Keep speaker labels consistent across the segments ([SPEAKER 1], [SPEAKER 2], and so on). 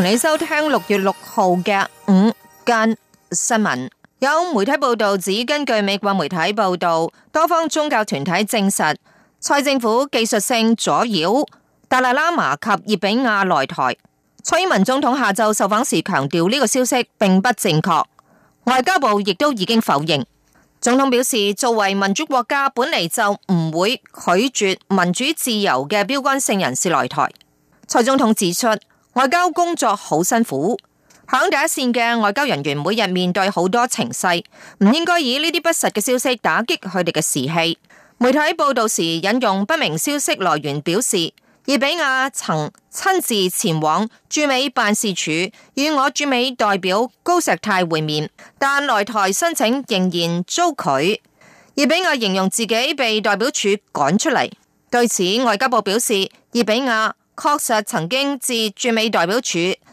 [SPEAKER 1] 同你收聽六月六號嘅午間新聞，有媒體報道指，根據美國媒體報道，多方宗教團體證實蔡政府技術性阻擾達賴喇嘛及熱比婭來台。蔡英文總統下晝受訪時強調，呢個消息並不正確，外交部亦都已經否認。總統表示，作為民主國家，本嚟就唔會拒絕民主自由嘅標竿性人士來台。蔡總統指出，外交工作好辛苦，響第一線嘅外交人員每日面對好多情勢，唔應該以呢啲不實嘅消息打擊佢哋嘅士氣。媒體報道時引用不明消息來源，表示，熱比婭曾親自前往駐美辦事處與我駐美代表高石泰會面，但來台申請仍然遭拒。熱比婭形容自己被代表處趕出嚟。對此，外交部表示，熱比婭，確實曾經至駐美代表處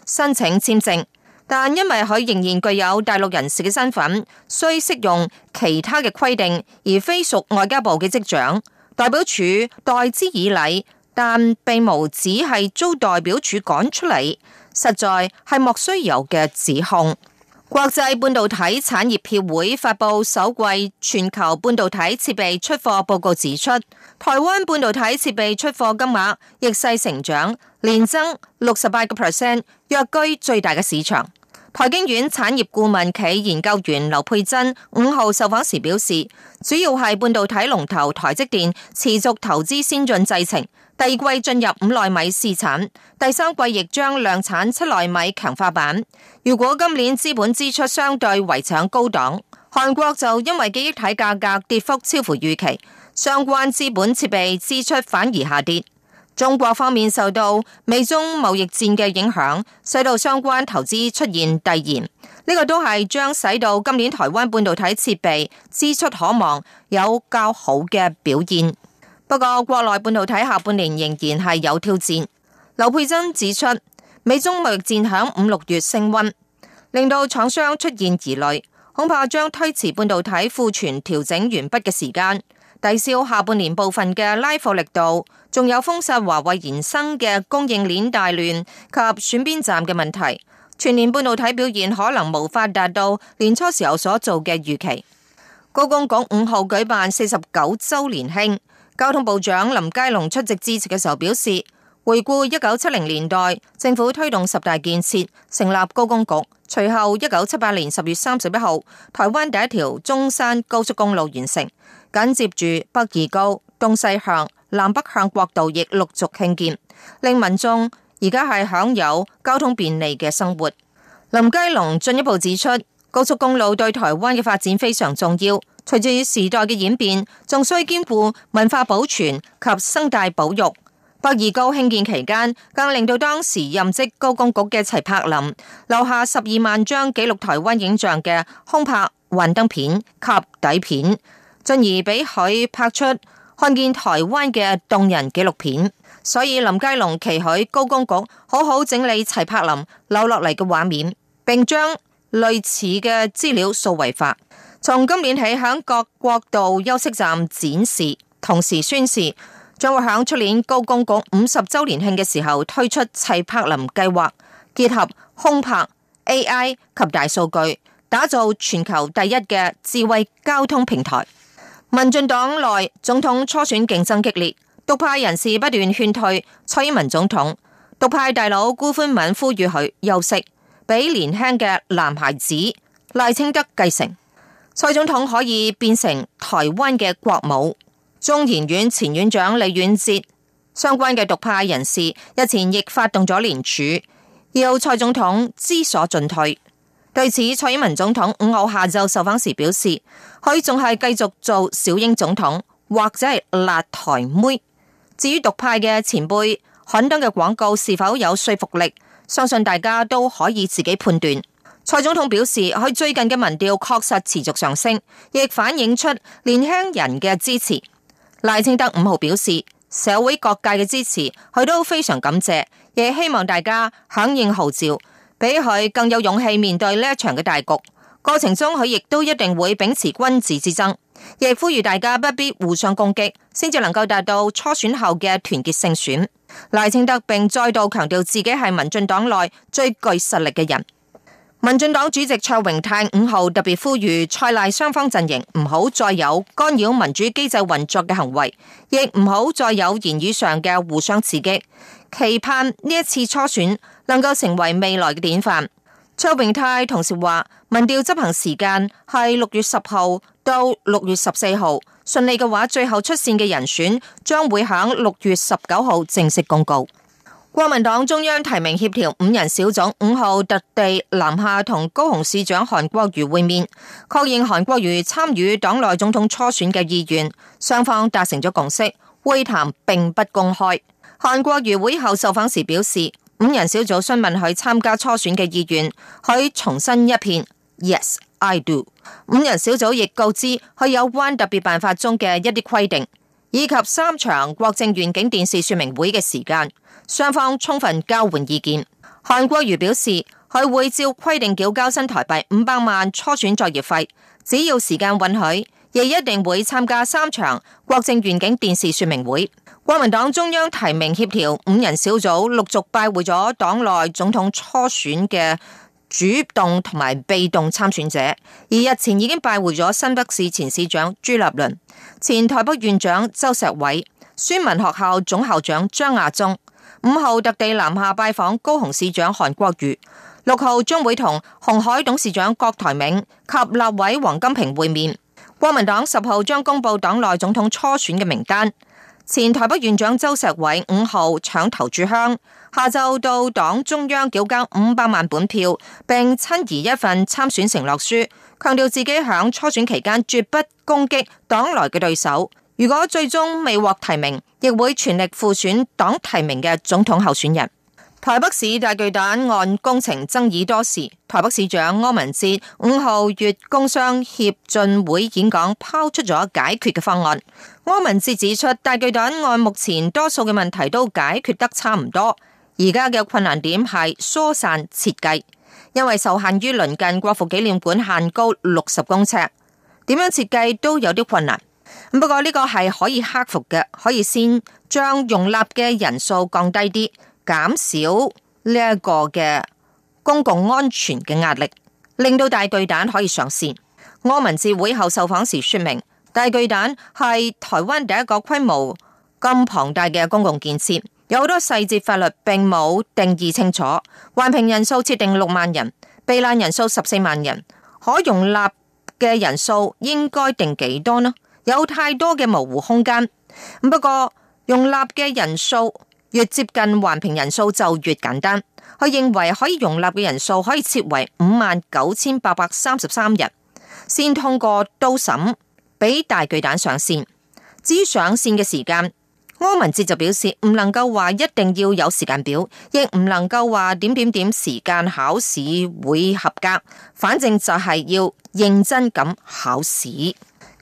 [SPEAKER 1] 申請簽證，但因為佢仍然具有大陸人士嘅身份，需適用其他嘅規定，而非屬外交部嘅職長。代表處待之以禮，但並無只係遭代表處趕出嚟，實在係莫須有嘅指控。國際半導體產業協會發佈首季全球半導體設備出貨報告，指出台灣半導體設備出貨金額逆勢成長，年增六十八個 percent，躍居最大嘅市場。台經院產業顧問企研究員劉佩真五號受訪時表示，主要係半導體龍頭台積電持續投資先進製程。第二季進入五奈米試產，第三季亦將量產七奈米強化版。如果今年資本支出相對維持高檔，韓國就因為記憶體價格跌幅超乎預期，相關資本設備支出反而下跌。中國方面受到美中貿易戰嘅影響，使到相關投資出現遞延，呢個都係將使到今年台灣半導體設備支出可望有較好嘅表現。不過國內半導體下半年仍然係有挑戰。劉佩真指出，美中貿易戰響五六月升溫，令到廠商出現疑慮，恐怕將推遲半導體庫存調整完畢嘅時間，抵消下半年部分嘅拉貨力度。仲有封殺華為延伸嘅供應鏈大亂及選邊站嘅問題，全年半導體表現可能無法達到年初時候所做嘅預期。高公局五號舉辦四十九週年慶。交通部長林佳龍出席致辭嘅時候表示，回顧一九七零年代政府推動十大建設，成立高公局，隨後一九七八年十月三十一號，台灣第一條中山高速公路完成，緊接住北二高、東西向、南北向國道亦陸續興建，令民眾而家係享有交通便利嘅生活。林佳龍進一步指出，高速公路對台灣嘅發展非常重要。隨住時代嘅演變，仲需兼顧文化保存及生態保育。北二高興建期間，更令到當時任職高工局嘅齊柏林留下十二萬張記錄台灣影像嘅空拍幻燈片及底片，進而俾佢拍出看見台灣嘅動人紀錄片。所以林佳龍期許高工局好好整理齊柏林留落嚟嘅畫面，並將類似嘅資料數位化。從今年起，喺各國度休息站展示，同時宣示將會喺出年高公局五十周年慶嘅時候推出齊柏林計劃，結合空拍 A I 及大數據，打造全球第一嘅智慧交通平台。民進黨內總統初選競爭激烈，獨派人士不斷勸退蔡英文總統，獨派大佬辜寬敏呼籲佢休息，俾年輕嘅男孩子賴清德繼承。蔡總統可以變成台灣嘅國母，中研院前院長李遠哲相關嘅獨派人士日前亦發動咗聯署，要蔡總統知所進退。對此，蔡英文總統五號下晝受訪時表示，佢仲係繼續做小英總統，或者係辣台妹。至於獨派嘅前輩刊登嘅廣告是否有說服力，相信大家都可以自己判斷。蔡總統表示，佢最近嘅民調確實持續上升，亦反映出年輕人嘅支持。賴清德五號表示，社會各界嘅支持，佢都非常感謝，亦希望大家響應號召，比佢更有勇氣面對呢一場嘅大局。過程中，佢亦都一定會秉持君子之爭，亦呼籲大家不必互相攻擊，先至能夠達到初選後嘅團結勝選。賴清德並再度強調自己係民進黨內最具實力嘅人。民進黨主席卓榮泰五號特別呼籲蔡賴雙方陣營唔好再有干擾民主機制運作嘅行為，亦唔好再有言語上嘅互相刺激，期盼呢一次初選能夠成為未來嘅典範。卓榮泰同時話，民調執行時間係六月十號到六月十四號，順利嘅話，最後出線嘅人選將會喺六月十九號正式公告。國民黨中央提名協調五人小組五號特地南下同高雄市長韓國瑜會面，確認韓國瑜參與黨內總統初選嘅意願，雙方達成咗共識。會談並不公開。韓國瑜會後受訪時表示，五人小組詢問佢參加初選嘅意願，佢重申一遍：Yes, I do。五人小組亦告知佢有 o 特別辦法中嘅一啲規定，以及三場國政遠景電視說明會嘅時間。雙方充分交換意見。韓國瑜表示，佢會照規定繳交新台幣五百萬初選作業費。只要時間允許，亦一定會參加三場國政願景電視說明會。國民黨中央提名協調五人小組陸續拜會咗黨內總統初選嘅主動同埋被動參選者，而日前已經拜會咗新北市前市長朱立倫、前台北縣長周石偉、孫文學校總校長張亞中。五號特地南下拜訪高雄市長韓國瑜，六號將會同鴻海董事長郭台銘及立委王金平會面。國民黨十號將公布黨內總統初選嘅名單。前台北縣長周錫瑋五號搶頭香，下晝到黨中央繳交五百萬本票，並親擬一份參選承諾書，強調自己響初選期間絕不攻擊黨內嘅對手。如果最終未獲提名，亦會全力輔選黨提名嘅總統候選人。台北市大巨蛋案工程爭議多時，台北市長柯文哲五號月工商協進會演講，拋出咗解決嘅方案。柯文哲指出，大巨蛋案目前多數嘅問題都解決得差唔多，而家嘅困難點係疏散設計，因為受限於鄰近國父紀念館限高六十公尺，點樣設計都有啲困難。不過呢個係可以克服嘅，可以先將容納嘅人數降低啲，減少呢一個嘅公共安全嘅壓力，令到大巨蛋可以上線。柯文哲會後受訪時說明，大巨蛋係台灣第一個規模咁龐大嘅公共建設，有好多細節法律並冇定義清楚。環評人數設定六萬人，避難人數十四萬人，可容納嘅人數應該定幾多呢？有太多嘅模糊空間，不過容納嘅人數越接近環評人數就越簡單。佢認為可以容納嘅人數可以設為五萬九千八百三十三人，先通過初審，俾大巨蛋上線。至於上線嘅時間，柯文哲就表示唔能夠話一定要有時間表，亦唔能夠話點點點時間考試會合格，反正就係要認真咁考試。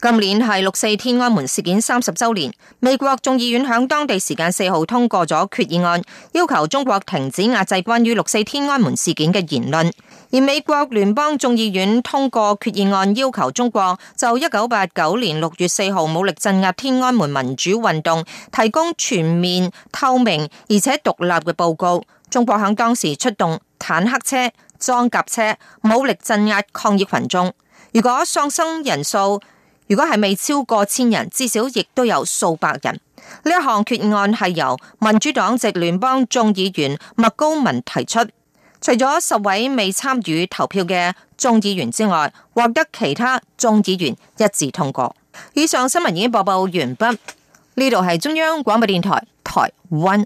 [SPEAKER 1] 今年係六四天安門事件三十周年。美國眾議院響當地時間四號通過咗決議案，要求中國停止壓制關於六四天安門事件嘅言論。而美國聯邦眾議院通過決議案，要求中國就一九八九年六月四號武力鎮壓天安門民主運動提供全面透明而且獨立嘅報告。中國響當時出動坦克車、裝甲車武力鎮壓抗議群眾，如果喪生人數。如果係未超過千人，至少亦都有數百人。呢一項決案係由民主黨籍聯邦眾議員麥高文提出，除咗十位未參與投票嘅眾議員之外，獲得其他眾議員一致通過。以上新聞已經播報完畢。呢度係中央廣播電台台灣。